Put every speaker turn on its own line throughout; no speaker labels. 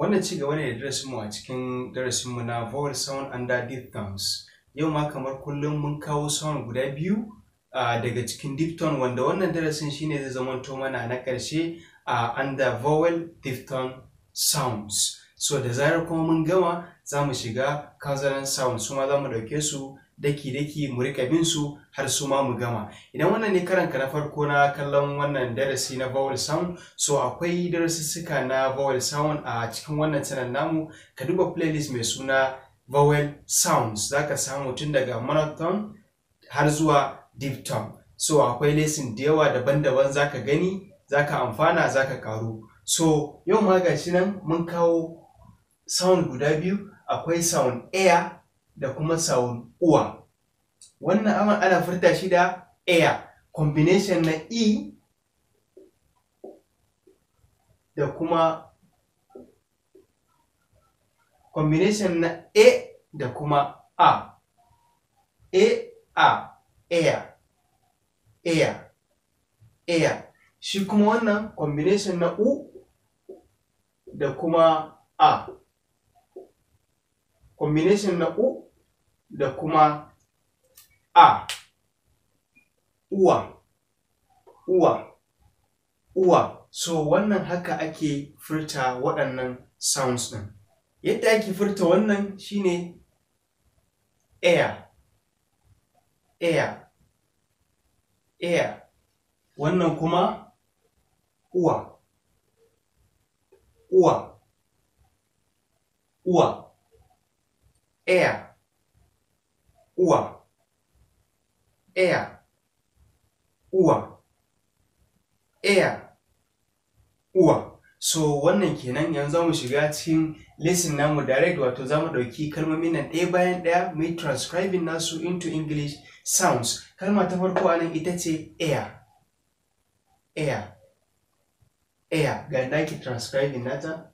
wannan ci gaba ne da darasinmu a cikin darasinmu na vowel sound under diphthongs yau ma kamar kullum mun kawo sound guda biyu daga cikin diphthong wanda wannan darasin shine zai zama to mana na ƙarshe a under vowel diphthong sounds so da zarar kuma mun gama za mu shiga consonant sounds kuma za mu ɗauke su daki-daki mu rika bin su har su ma mu gama idan wannan ne karanka na farko na kallon wannan darasi na vowel sound so akwai darasussuka na vowel sound a cikin wannan channel namu ka duba playlist mai suna vowel sounds zaka samu tun daga marathon har zuwa diphthong so akwai lesson da yawa daban-daban zaka gani zaka amfana zaka karu so yau ma gashi nan mun kawo sound guda biyu akwai sound air da kuma sound uwa wannan aman ana furta shi da air combination na e da kuma combination na a da kuma a a a air air air shi kuma wannan combination na u da kuma a combination na u da kuma a uwa uwa uwa so wannan haka ake furta waɗannan sounds ɗin yadda ake furta wannan shine air air air wannan kuma uwa uwa uwa air ua, ea, ua, ea, ua. So wannan kenan yanzu za mu shiga cikin lesson namu direct wato zamu ɗauki kalmomin nan ɗaya bayan ɗaya mu yi transcribing nasu into English sounds. Kalma ta farko a nan ita ce air. Air. Air. Ga ɗaki transcribing nata.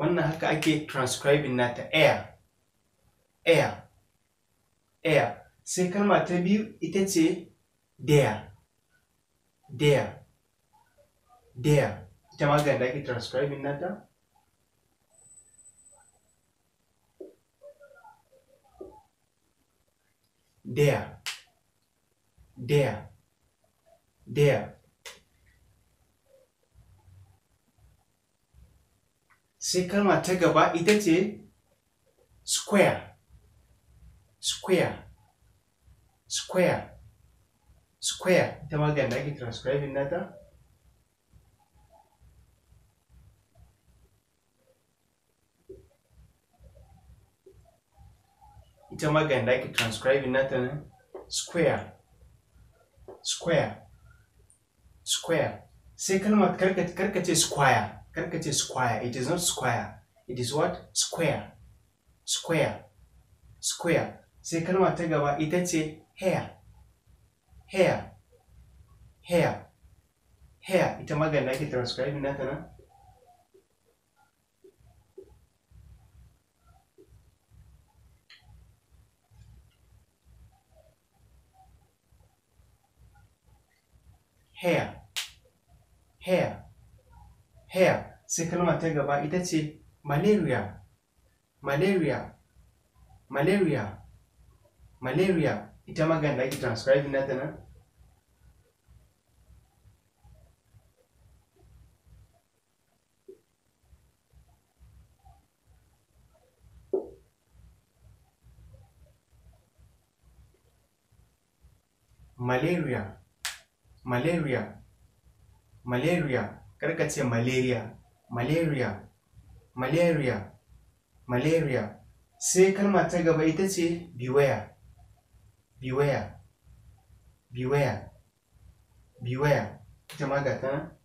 wannan haka ake transcribing nata air air air sai kalma ta biyu ita ce there there there ita ma ga da ake transcribing nata there there there sai kalma ta gaba ita ce square square square square ta magana ake transcribing nata ita magana ake transcribing nata ne square square square sai kalma karkace square karka ce square it is not square it is what square square square sai kalma ta gaba ita ce hair hair hair hair ita magana ake transcribing nata nan hair hair hair sai kalma ta gaba ita ce malaria malaria malaria malaria ita maganda ake transcribe na nan malaria malaria malaria karka ce malaria malaria malaria malaria sai kalma ta gaba ita ce biwaya. Biwaya. Biwaya. Biwaya. ita ma ga ta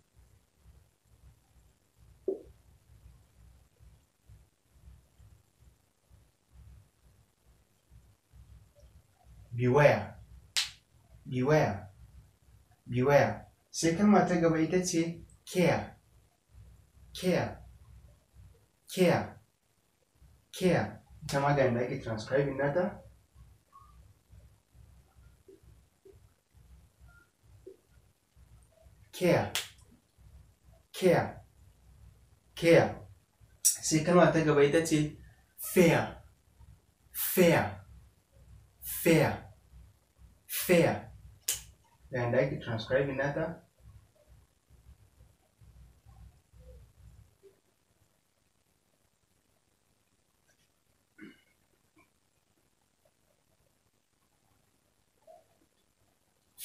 Biwaya. Biwaya. Biwaya. sai kalma ta gaba ita ce quer, quer, quer, quer. ita da yadda ake transcribing nata né, tá? care care care é, sai kalma ta gaba ita ce fair fair fair fair da yadda ake transcribing nata né, tá?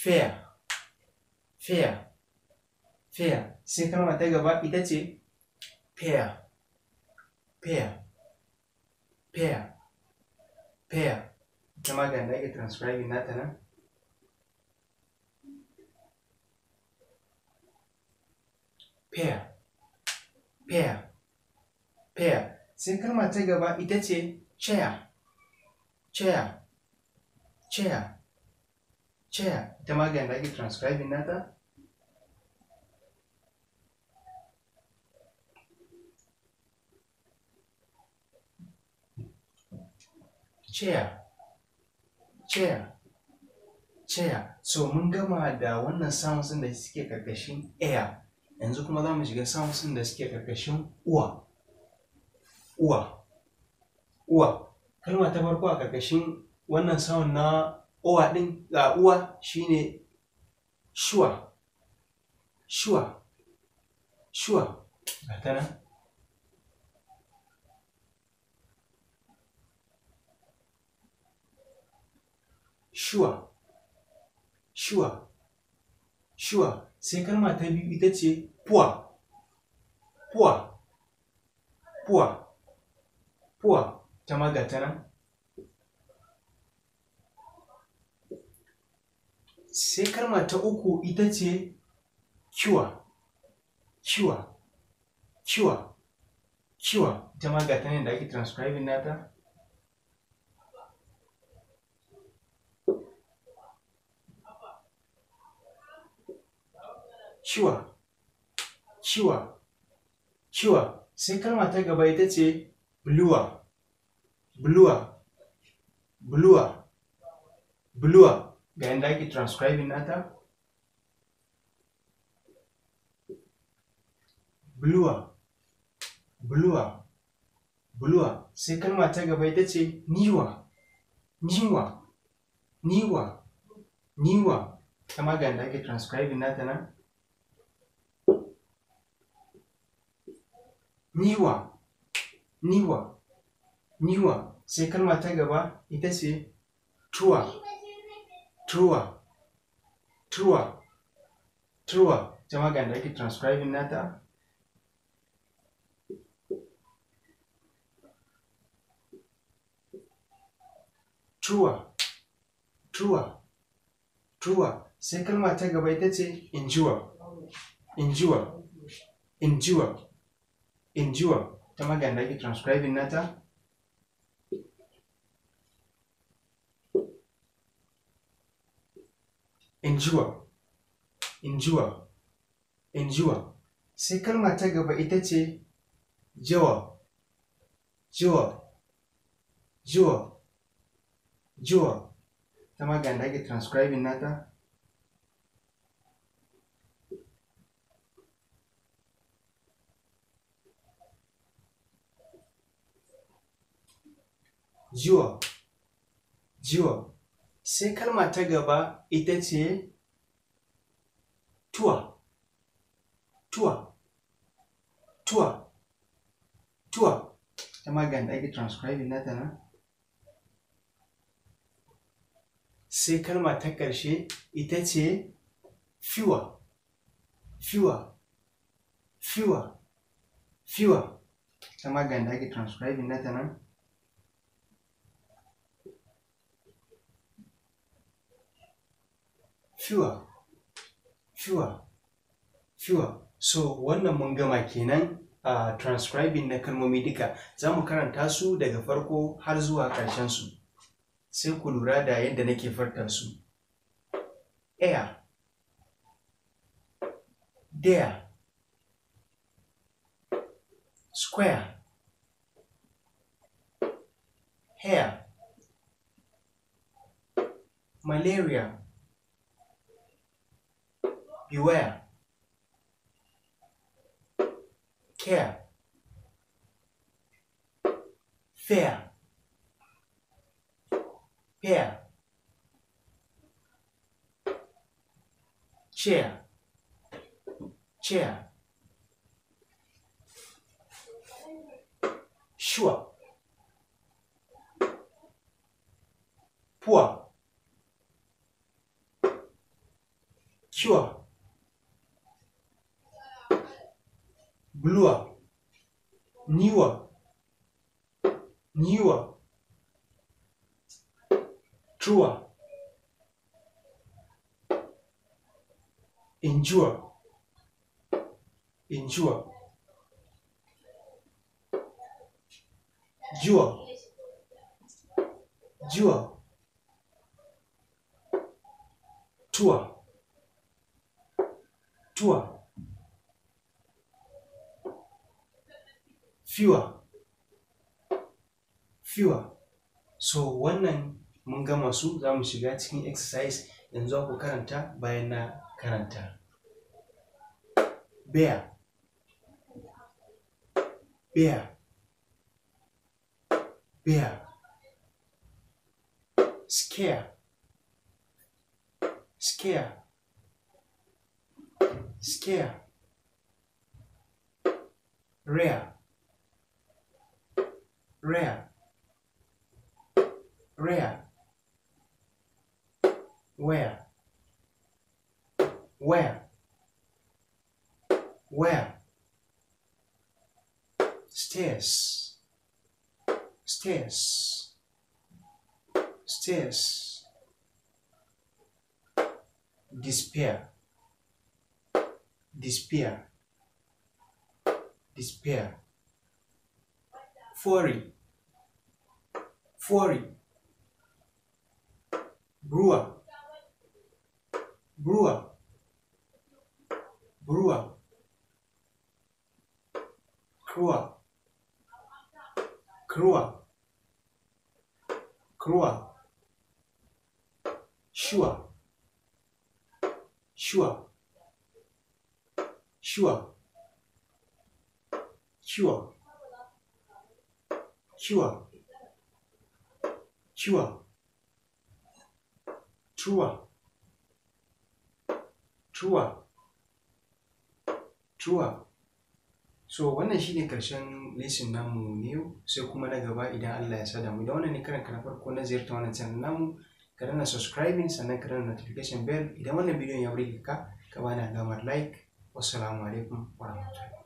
fair fair fair sai kalma ta gaba ita ce pair pair pair pair ita ma ga da ake transcribing pair pair pair sai kalma ta gaba ita ce chair chair chair chair ita ma ganda ake transcribing nata chair chair chair so mun gama da wannan sounds da suke karkashin air yanzu kuma za mu shiga sounds da suke karkashin uwa uwa uwa kalma ta farko a karkashin wannan sound na owa ɗin ga uwa shine shuwa shuwa shuwa ta Shu'a, shuwa shuwa shuwa sai kalma ta biyu ita ce puwa puwa puwa puwa ta magatanan sai karma ta uku ita ce kiwa kiwa kiwa kiwa ita ma ga tanin da ake transcribing nata kiwa kiwa kiwa sai karma ta gaba ita ce bluwa bluwa bluwa bluwa ga da ake transcribing nata bluer bluer bluer sai kalma ta gaba ita ce niwa niwa niwa niwa kama ga da ake transcribing nata nan niwa niwa niwa sai kalma ta gaba ita ce tuwa truer truer truer ita waƙa da ake transcribing nata truer truer truer sai kalma ta gaba ita ce injuwa injuwa injuwa injuwa ta magana da transcribing nata Injiwa, Injiwa, Injiwa. sai kalma ta gaba ita ce Jiwa, Jiwa, Jiwa. jawa ta magana ake transcribing nata jiwa jiwa sai kalma ta gaba ita ce tuwa tuwa tuwa tuwa ta da ake transcribing nata na sai kalma ta ƙarshe ita ce fiwa fiwa fiwa fiwa ta da ake transcribing nata na Cure, cure, cure, So wannan mun gama kenan a transcribing na kalmomi duka za mu karanta su daga farko har zuwa ƙarshen su. Sai ku lura da yadda nake farta su. Air. There. Square. Hair. Malaria. beware, care, fair, pair, chair, chair, sure, poor, cure. Blua. Niwa, Niwa, Chua, Injua, Injua, Jua, Jua, Tua, Tua. fewer fewer so wannan mun gama su za mu shiga cikin exercise yanzu ku karanta bayan na karanta bear bear bear scare scare scare rare rare rare where where where stairs stairs stairs despair despair despair quarry, quarry, brewer, brewer, brewer, crewer, crewer, crewer, sure, sure, sure, sure. Chua. Chua. Chua. Chua. Chua. So wannan shine karshen lesson namu ne sai kuma na gaba idan Allah ya sada mu da wannan ne karan farko na ziyarta wannan channel namu ka rana subscribing sannan ka rana notification bell idan wannan bidiyon ya burge ka ka bana alamar like wassalamu alaikum warahmatullahi